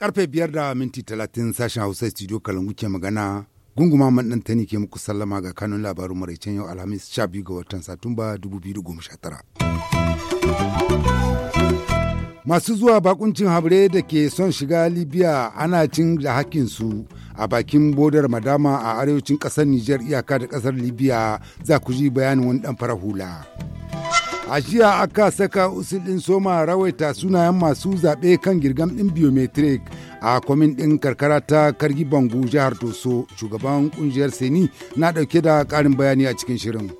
Karfe biyar da minti talatin sashen Hausa studio Kalangu ke magana gunguma man tani ke muku sallama ga kanun labarun maraicen yau Alhamis biyu ga watan Satumba 2019. masu zuwa bakuncin habre da ke son shiga libya ana cin da su a bakin bodar madama a arewacin kasar niger iyaka da kasar libya za ku ji bayanin wani dan fara hula. A jiya aka saka usul ɗin soma rawaita sunayen masu zaɓe kan girgam ɗin biometric a kwamin ɗin karkara ta Kargi Bangu jihar Toso shugaban ƙungiyar Seni na ɗauke da ƙarin bayani a cikin shirin.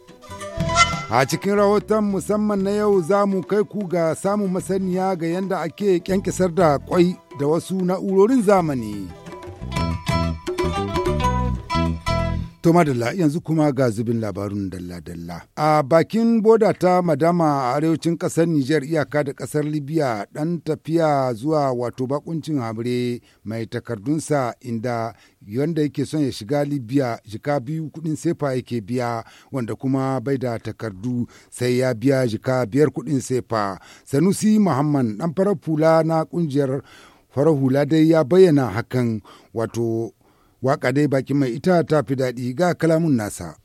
A cikin rahoton musamman na yau za mu kai ku ga samun masaniya ga yadda ake kyankisar da kwai da wasu na'urorin zamani. To madalla yanzu kuma ga zubin labarun dalla-dalla. A bakin boda ta madama a arewacin ƙasar Nijar iyaka da ƙasar Libya ɗan tafiya zuwa wato bakuncin hamre mai takardunsa inda wanda yake son ya shiga Libya jika biyu kuɗin sefa yake biya wanda kuma bai da takardu sai ya biya jika biyar kuɗin sefa. Sanusi Muhammad ɗan farar fula na ƙungiyar farar hula dai ya bayyana hakan wato Waka dai bakin mai ita ta fi daɗi ga kalamun nasa.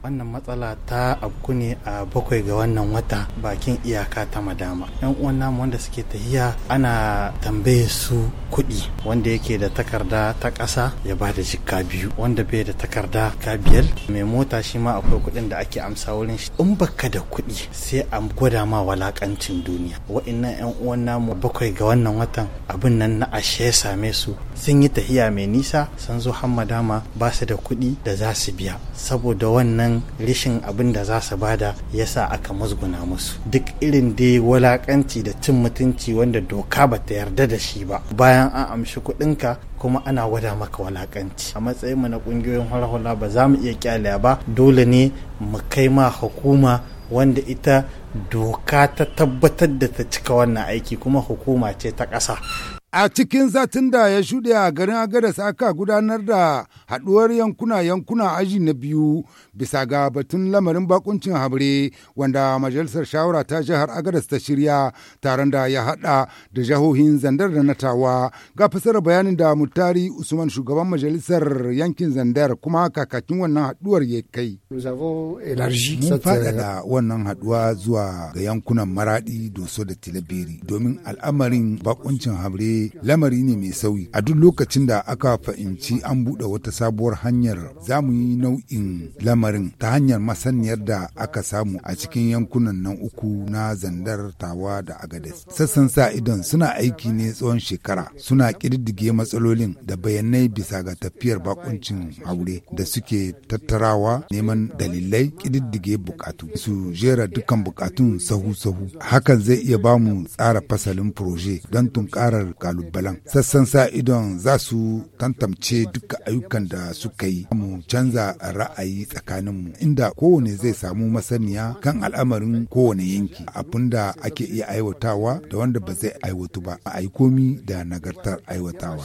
wannan matsala ta abku ne a bakwai ga wannan wata bakin iyaka ta madama yan uwan namu wanda suke tahiya ana tambaye su kuɗi wanda yake da takarda ta ƙasa ya ba da jikka biyu wanda bai da takarda ka biyar mai mota shi ma akwai kuɗin da ake amsa wurin shi in baka da kuɗi sai a gwada ma walakancin duniya waɗannan yan uwan namu bakwai ga wannan watan abin nan na ashe same su sun yi tahiya mai nisa sun zo hammadama ba su da kuɗi da za su biya saboda wannan rishin abin da za su bada ya sa aka musguna musu duk irin dai walakanci da cin mutunci wanda doka ba ta yarda da shi ba bayan an amshi kuɗinka kuma ana gwada maka walakanci a matsayinmu na ƙungiyoyin hula-hula ba za mu iya kyale ba dole ne mu kai ma hukuma wanda ita doka ta tabbatar da ta cika wannan aiki kuma hukuma ce ta ƙasa A cikin satin da ya shuɗe a garin Agadas aka gudanar da haɗuwar yankuna-yankuna aji na biyu bisa ga batun lamarin bakuncin habre wanda majalisar shawara ta jihar Agadas ta shirya taron da ya haɗa da jahohin Zandar da Natawa ga fasar bayanin da Mutari Usman shugaban majalisar yankin Zandar kuma kakakin wannan haɗuwar ya kai. Mun faɗaɗa euh, wannan haɗuwa zuwa ga yankunan Maraɗi, Doso da Tilaberi domin al'amarin bakuncin habre lamari ne mai sauyi. A duk lokacin da aka fahimci an buɗe wata sabuwar hanyar za mu yi nau'in lamarin ta hanyar masaniyar da aka samu a cikin yankunan nan uku na zandar tawa da agades. Sassan sa idon suna aiki ne tsawon shekara suna ƙididdige matsalolin da bayanai bisa ga tafiyar bakuncin aure da suke tattarawa neman dalilai ƙididdige bukatu su jera dukkan bukatun sahu-sahu hakan zai iya bamu tsara fasalin proje don tunkarar kalubalen sassan sa idon za su tantamce duka ayyukan da suka yi mu canza ra'ayi tsakaninmu inda kowane zai samu masaniya kan al'amarin kowane yanki abin da ake iya aiwatawa da wanda ba zai aiwatu ba a komi da nagartar aiwatawa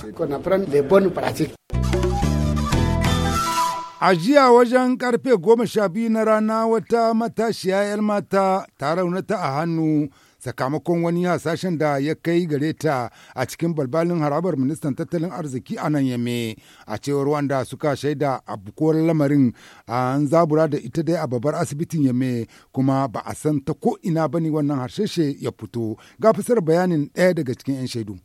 A jiya wajen karfe goma sha biyu na rana wata matashiya 'yar mata ta raunata a hannu sakamakon wani hasashen da ya kai gare ta a cikin balbalin harabar ministan tattalin arziki a nan yame a cewar wanda suka shaida a bukowar lamarin an zabura da ita dai a babbar asibitin yame kuma ba a san ta ko ina bane wannan harsheshe ya fito ga fasar bayanin ɗaya daga cikin 'yan shaidu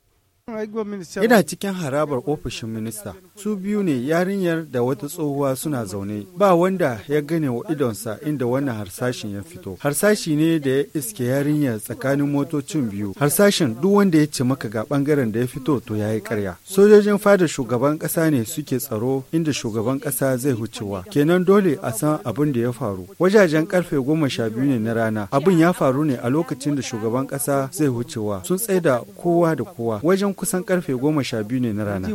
Ina cikin harabar ofishin minista. Su biyu ne yarinyar da wata tsohuwa suna zaune. Ba wanda ya gane wa idonsa inda wannan harsashin ya fito. Harsashi ne da ya iske yarinyar tsakanin motocin biyu. Harsashin duk wanda ya ce maka ga bangaren da ya fito to ya yi karya. Sojojin fada shugaban kasa ne suke tsaro inda shugaban kasa zai hucewa. Kenan dole a san abin da ya faru. Wajajen karfe goma sha biyu ne na rana. Abin ya faru ne a lokacin da shugaban kasa zai hucewa. Sun tsaida kowa da kowa. Wajen kusan karfe goma sha biyu ne na rana.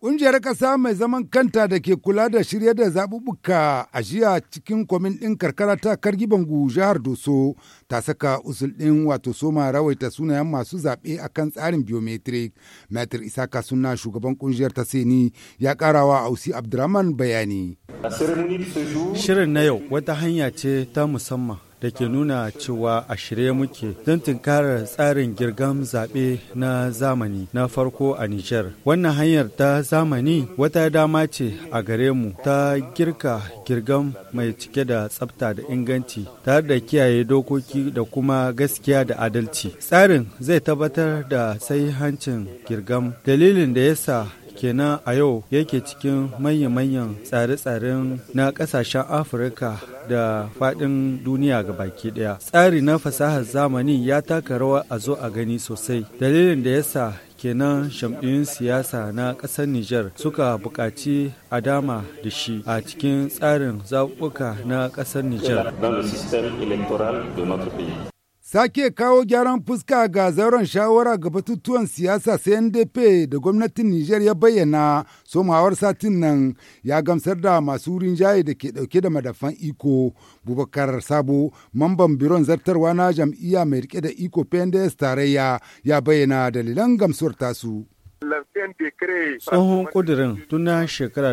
Kungiyar oh, ƙasa mai zaman kanta da ke kula da shirye da zaɓuɓɓuka a jiya cikin kwamin ɗin karkara ta kargi bangu jihar Doso ta saka usul ɗin wato soma rawaita sunayen masu zaɓe a kan tsarin biometric. Maitar Isaka suna shugaban kungiyar ta Seni ya ƙarawa Ausi Abdurrahman bayani. Shirin na yau wata hanya ce ta musamman da ke nuna cewa a shirye muke don tunkarar tsarin girgam zaɓe na zamani na farko a Nijar. Wannan hanyar ta zamani wata dama ce a gare mu ta girka girgam mai cike da tsafta da inganci tare da kiyaye dokoki da kuma gaskiya da adalci. Tsarin zai tabbatar da sai hancin girgam dalilin da yasa kenan a yau yake cikin manya-manyan tsare-tsaren na kasashen afirka da faɗin duniya ga baki ɗaya tsari na fasahar zamani ya taka rawa a zo a gani sosai dalilin da yasa kenan shamɗin siyasa na ƙasar Nijar suka buƙaci a dama da shi a cikin tsarin zaɓuɓɓuka na ƙasar Nijar. Sake kawo gyaran fuska ga zauren shawara ga batutuwan siyasa CNDP da gwamnatin Nijar ya bayyana somawar satin nan ya gamsar da masu rinjaye da ke dauke da madafan iko. Bubakar Sabo, mamban biron zartarwa na jam'iyya mai rike da iko PNDS tarayya ya bayyana dalilan gamsuwar tasu. Tsohon ƙudirin tuna dubi shekara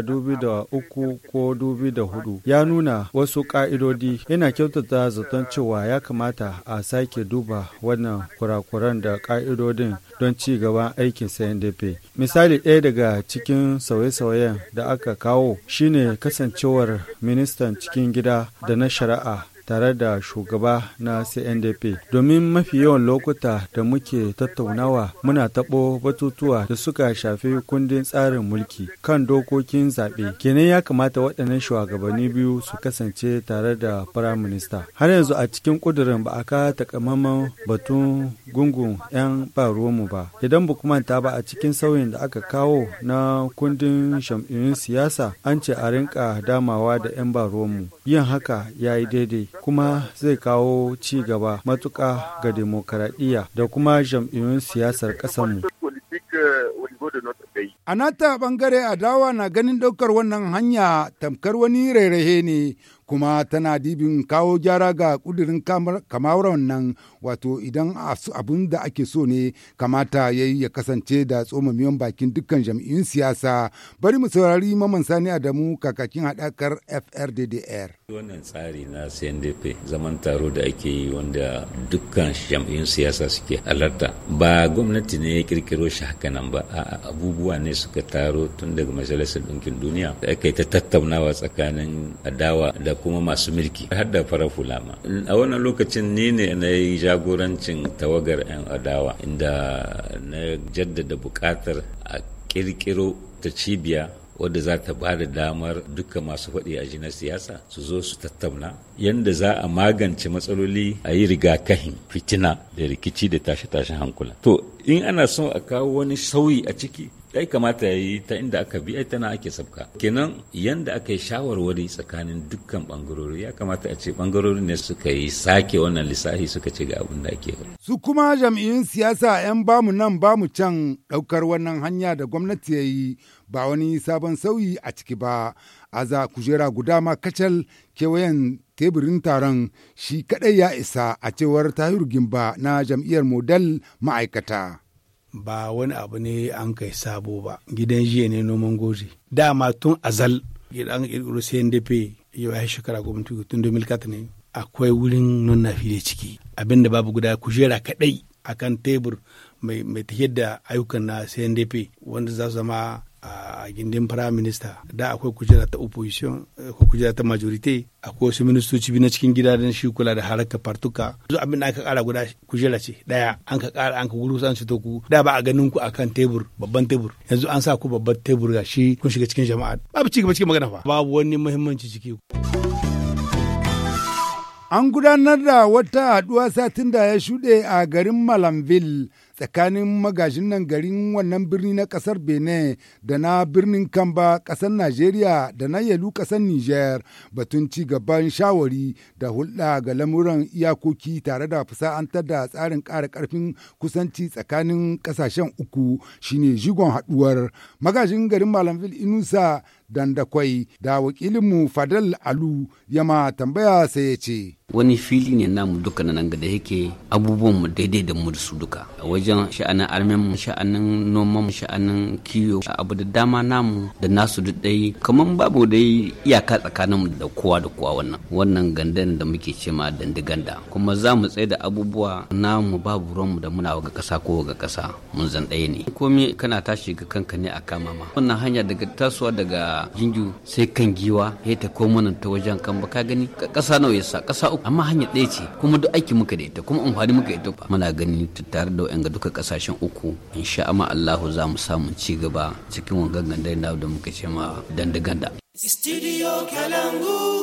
uku ko hudu ya nuna wasu ƙa'idodi yana kyautata zaton cewa ya kamata a sake duba wannan kurakuran da ƙa'idodin don ci gaban aikin CNDP. Misali ɗaya daga cikin sauye-sauyen da aka kawo shine kasancewar ministan cikin gida da na shari'a tare da shugaba na CNDP. Domin mafi yawan lokuta da muke tattaunawa muna taɓo batutuwa da suka shafi kundin tsarin mulki kan dokokin zaɓe. Kenan ya kamata waɗannan shugabanni biyu su kasance tare da firaminista. Har yanzu a cikin ƙudurin ba a ka takamaiman batun gungun 'yan ba mu ba. Idan ba kuma ta ba a cikin sauyin da aka kawo na kundin jam'iyyun siyasa an ce a rinka damawa da 'yan ba mu. Yin haka ya yi daidai. kuma zai kawo ci gaba matuƙa ga demokaradiyya da kuma jam'iyyun siyasar ƙasarmu. A nata ɓangare adawa na ganin ɗaukar wannan hanya tamkar wani rairaye ne kuma tana dibin kawo gyara ga kudirin kamar nan wato idan abin da ake so ne kamata ya ya kasance da tsomamiyon bakin dukkan jam'iyyun siyasa bari mu saurari maman sani adamu kakakin haɗakar frddr wannan tsari na cndp zaman taro da ake yi wanda dukkan jam'iyyun siyasa suke halarta ba gwamnati ne ya kirkiro shi haka nan ba a abubuwa ne suka taro tun daga majalisar ɗinkin duniya da aka yi ta tattaunawa tsakanin adawa da kuma masu mulki har da farar hula ma a wannan lokacin ni ne na yi jagorancin tawagar 'yan adawa inda na jaddada bukatar a kirkiro ta cibiya wadda za ta ba da damar duka masu faɗi a na siyasa su zo su tattauna yadda za a magance matsaloli a yi rigakahin fitina da rikici da tashe-tashen hankula to in ana so a kawo wani sauyi a ciki ai kamata ya yi ta inda aka bi ai tana ake sabka kenan yanda aka yi shawarwari tsakanin dukkan bangarori ya kamata a ce bangarori ne suka yi sake wannan lissafi suka ce ga abin da ake su kuma jam'iyyun siyasa 'yan bamu nan bamu can daukar wannan hanya da gwamnati ya yi ba wani sabon sauyi a ciki ba aza kujera guda ma kacal kewayen teburin taron shi kadai ya isa a cewar tahiru gimba na jam'iyyar model ma'aikata ba wani abu ne an kai sabo ba gidan jiya ne noman goji dama tun azal gidan kirkiro cndp yau ya shekara gwamnati tun 2004 ne akwai wurin non fili ciki abinda babu guda kujera kadai akan tebur mai tafiyar da ayyukan na cndp wanda za su zama a gindin firayim minista da akwai kujera ta opposition akwai kujera ta majority akwai wasu ministoci bi na cikin gida don shi kula da harkar fartuka zuwa abin da aka kara guda kujera ce daya an ka kara an ka an ku da ba a ganin ku akan tebur babban tebur yanzu an sa ku babban tebur ga shi kun shiga cikin jama'a babu ci gaba cikin magana fa babu wani muhimmanci ciki An gudanar da wata haduwa satin da ya shuɗe a garin Malamville tsakanin magajin nan garin wannan birni na kasar benin da na birnin kamba kasar najeriya da na yalu kasar niger batun ci gaban shawari da hulɗa ga lamuran iyakoki tare da fusa'antar da tsarin ƙara ƙarfin kusanci tsakanin ƙasashen uku shine jigon haɗuwar magajin garin malamfil inusa dandakwai da wakilinmu fadal alu yama tambaya sai ya ce wani fili ne namu duka nan ga da yake abubuwan mu daidai da mu da su duka a wajen sha'anin armen mu. sha'anin noman sha'anin kiyo abu da dama namu da nasu duk dai kaman babu dai iyaka tsakanin mu da kowa da kowa wannan wannan gandan da muke cewa dandiganda kuma za mu tsaye da abubuwa namu babu ruwan mu da muna ga kasa ko ga kasa mun zan ɗaya ne komai kana tashi ga kanka ne a kama ma wannan hanya daga tasowa daga jinju sai kan giwa ya ta komo ta wajen kan ba ka gani kasa nawa yasa kasa uku amma hanya ɗaya ce kuma duk aiki muka da ita kuma amfani muka ita muna gani tare da wa'yan duka kasashen uku insha Allah za mu samu ci gaba cikin wangan gandar da muka ce ma dandaganda. Studio Kalangu.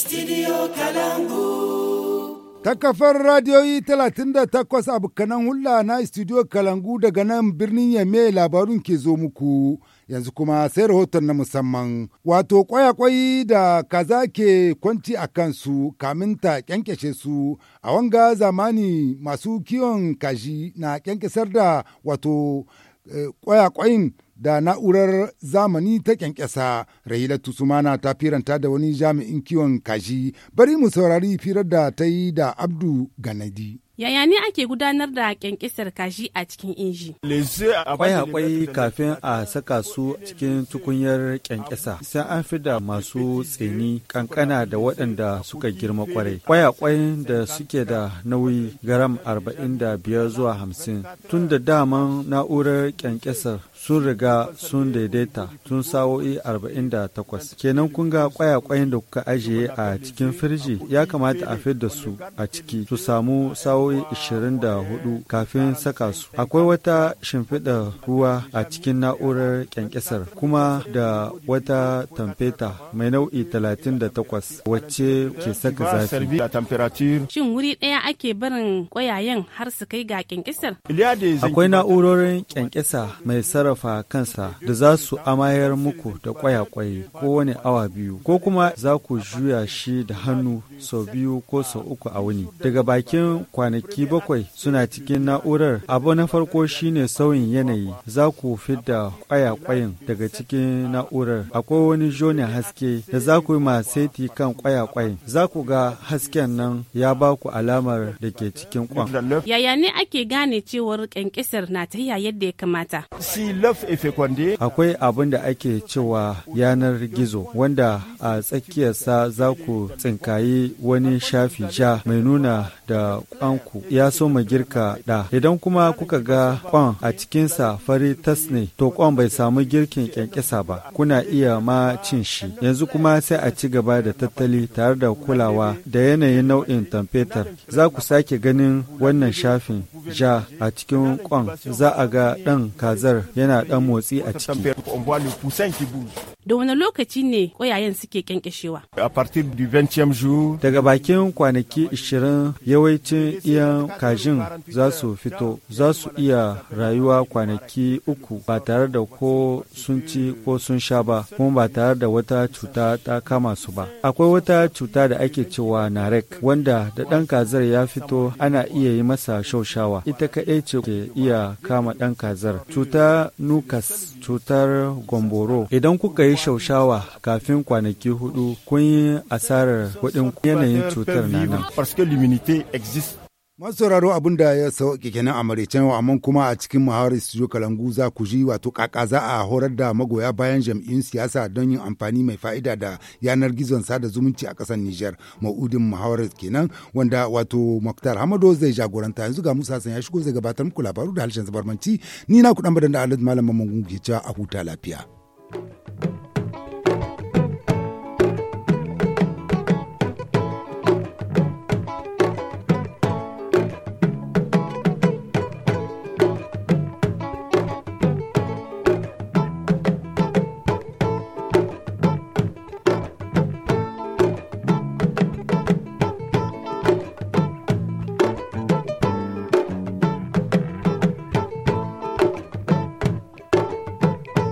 Studio Kalangu. Ta kafar radiyoyi 38 abokanan hulla na Studio Kalangu daga nan birnin Yame labarun ke zo muku. Yanzu kuma sai rahoton na musamman. Wato kwayakwayi da kaza ke kwanci a kansu kamin ta kyankyashe su a wanga zamani masu kiwon kaji na kyankyasar da wato eh, kwayakwayin da na'urar zamani ta kyankyasa rahilatu sumana ta firanta da wani jami'in kiwon kaji bari mu saurari firar da ta yi da abdu ganadi yaya ne ake gudanar da kyankyasar kashi a cikin inji akwai akwai kafin a saka su cikin tukunyar kyankyasa sai an fi da masu tsini kankana da waɗanda suka girma kwarai akwai da suke da nauyi garam 45 zuwa 50 tun da daman na'urar kyankyasar sun riga sun daidaita tun sa'o'i 48 kenan kun ga kwayakwayen da kuka ajiye a cikin firji ya kamata a fidda su a ciki su samu sa'o'i 24 kafin saka su akwai wata shimfiɗa ruwa a cikin na'urar kyankyasar kuma da wata tamfeta mai nau'i 38 wacce ke saka zafi shin wuri ɗaya ake barin kwayayen har su kai ga kyankyasar akwai na'urorin kyankyasa mai sarrafa sarrafa kansa da za su amayar muku da kwayakwaye wani awa biyu ko kuma za ku juya shi da hannu sau biyu ko sau uku a wuni daga bakin kwanaki bakwai suna cikin na'urar abu na farko shine sauyin yanayi za ku fidda kwayakwayen daga cikin na'urar akwai wani joni haske da za ku yi seti kan kwayakwayen za ku ga hasken nan ya ba ku alamar da ke cikin kwan yaya ne ake gane cewar kyankyasar na yadda ya kamata Akwai abin da ake cewa yanar gizo wanda a tsakiyarsa za ku tsinkayi wani shafi ja mai nuna da kwanku ya so girka da. Idan kuma kuka ga kwan a cikinsa fari tas ne, to kwan bai samu girkin kyankyasa ba, kuna iya ma cin shi. Yanzu kuma sai a ci gaba da tattali tare da kulawa da yanayin nau'in tamfetar. Za ku sake ganin wannan shafin ja a cikin kwan, za a ga ɗan kazar yana On voit le poussin qui bouge. da wani lokaci ne ƙwayayen suke kyankyashewa. A partir du 20 jour daga bakin kwanaki 20 yawancin iyan kajin za su fito za su iya rayuwa kwanaki uku ba tare da ko sun ci ko sun sha ba kuma ba tare da wata cuta ta kama su ba. Akwai wata cuta da ake cewa narek wanda da ɗan kazar ya fito ana iya yi masa shaushawa ita kaɗai ce ke iya kama ɗan kazar. Cuta nukas cutar gomboro idan kuka yi yi shaushawa kafin kwanaki hudu kun yi asarar kuɗin yanayin cutar na nan. masauraro abin da ya sauƙi kenan a maraicen amma kuma a cikin muhawar studio kalangu za ku ji wato kaka za a horar da magoya bayan jam'iyyun siyasa don yin amfani mai fa'ida da yanar gizon sada zumunci a ƙasar Nijar ma'udin muhawar kenan wanda wato Muktar Hamado zai jagoranta yanzu ga Musa San ya shigo zai gabatar muku labaru da harshen zabarmanci ni na ku dan da Alhaji Malam Mamman ke a huta lafiya.